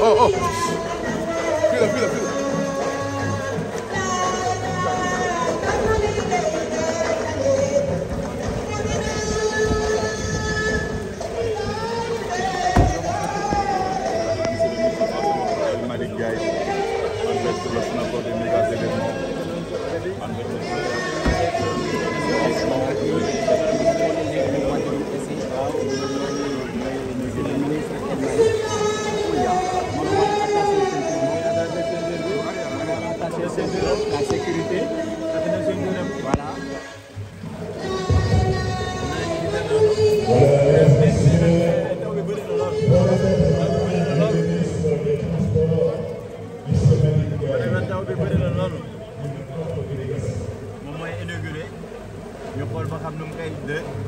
Oh, oh.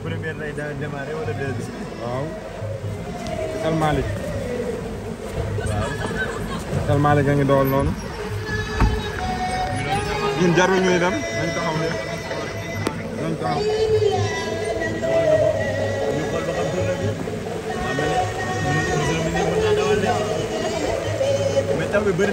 première lay daal démarrer wala deuxième. ngi dool noonu. ñun jarul ñuy dem nañ taxaw ne nañ taxaw. mais taw bi bëri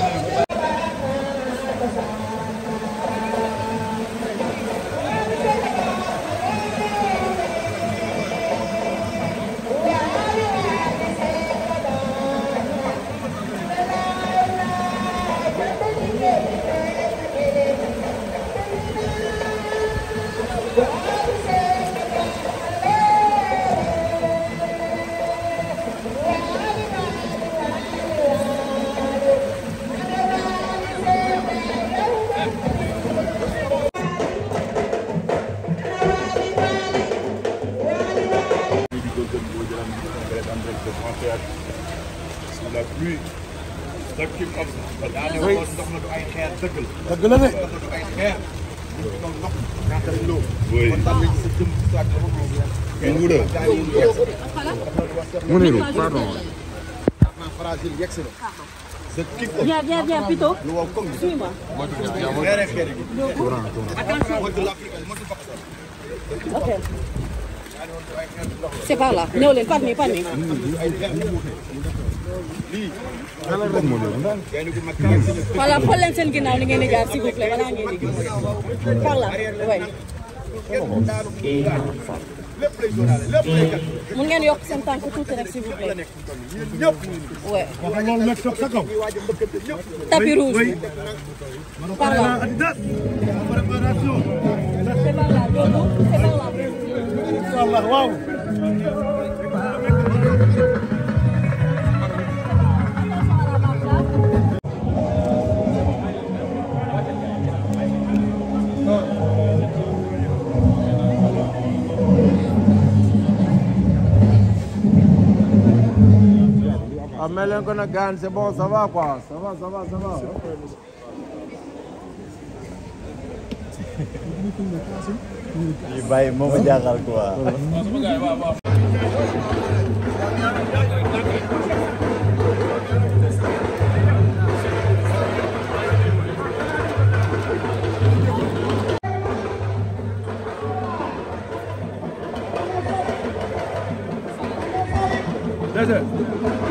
oui. dëgg la de. mu niru pardon. Viens, viens, viens, plutôt. Suis-moi. Ok. C'est par là. Néolène, pas de nez, pas de nez. voilà xool leen seen ginnaaw ni ngeen di jaar s'il vous plaît balaa ngeen di gis par là oui. mun ngeen yokk seen tànk tuuti rek s'il vous plaît. oui. tapis rouge. par là. c'est par là. mais leen ko nag gaan c'est bon ça va quoi ça va ça va ça va. lii bàyyi moo ma jaaxal quoi. That's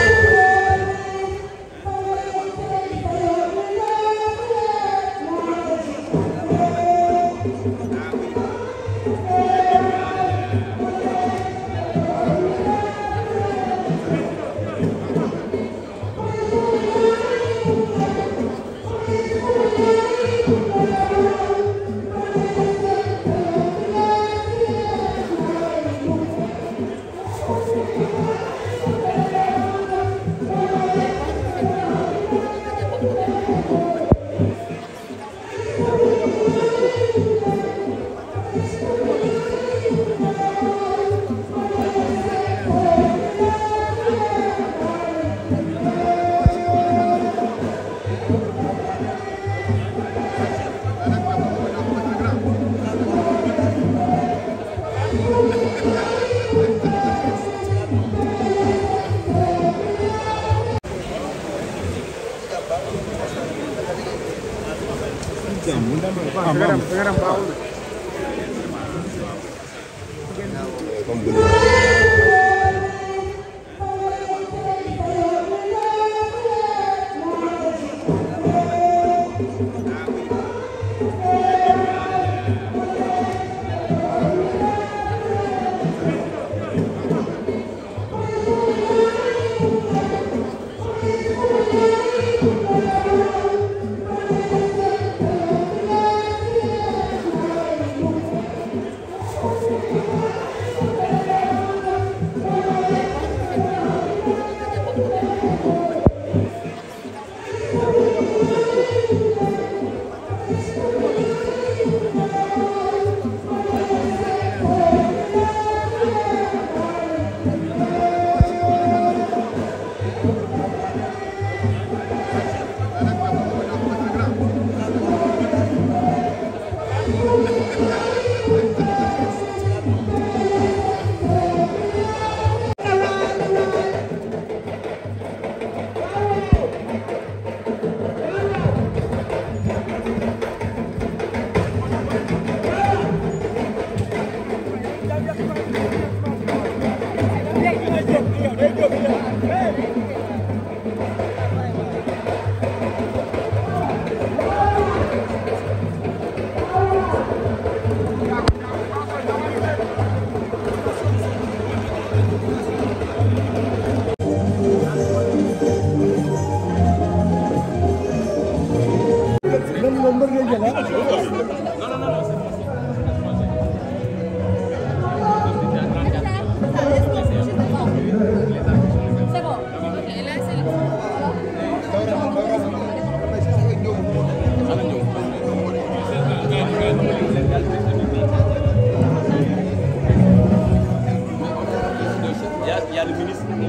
Amin.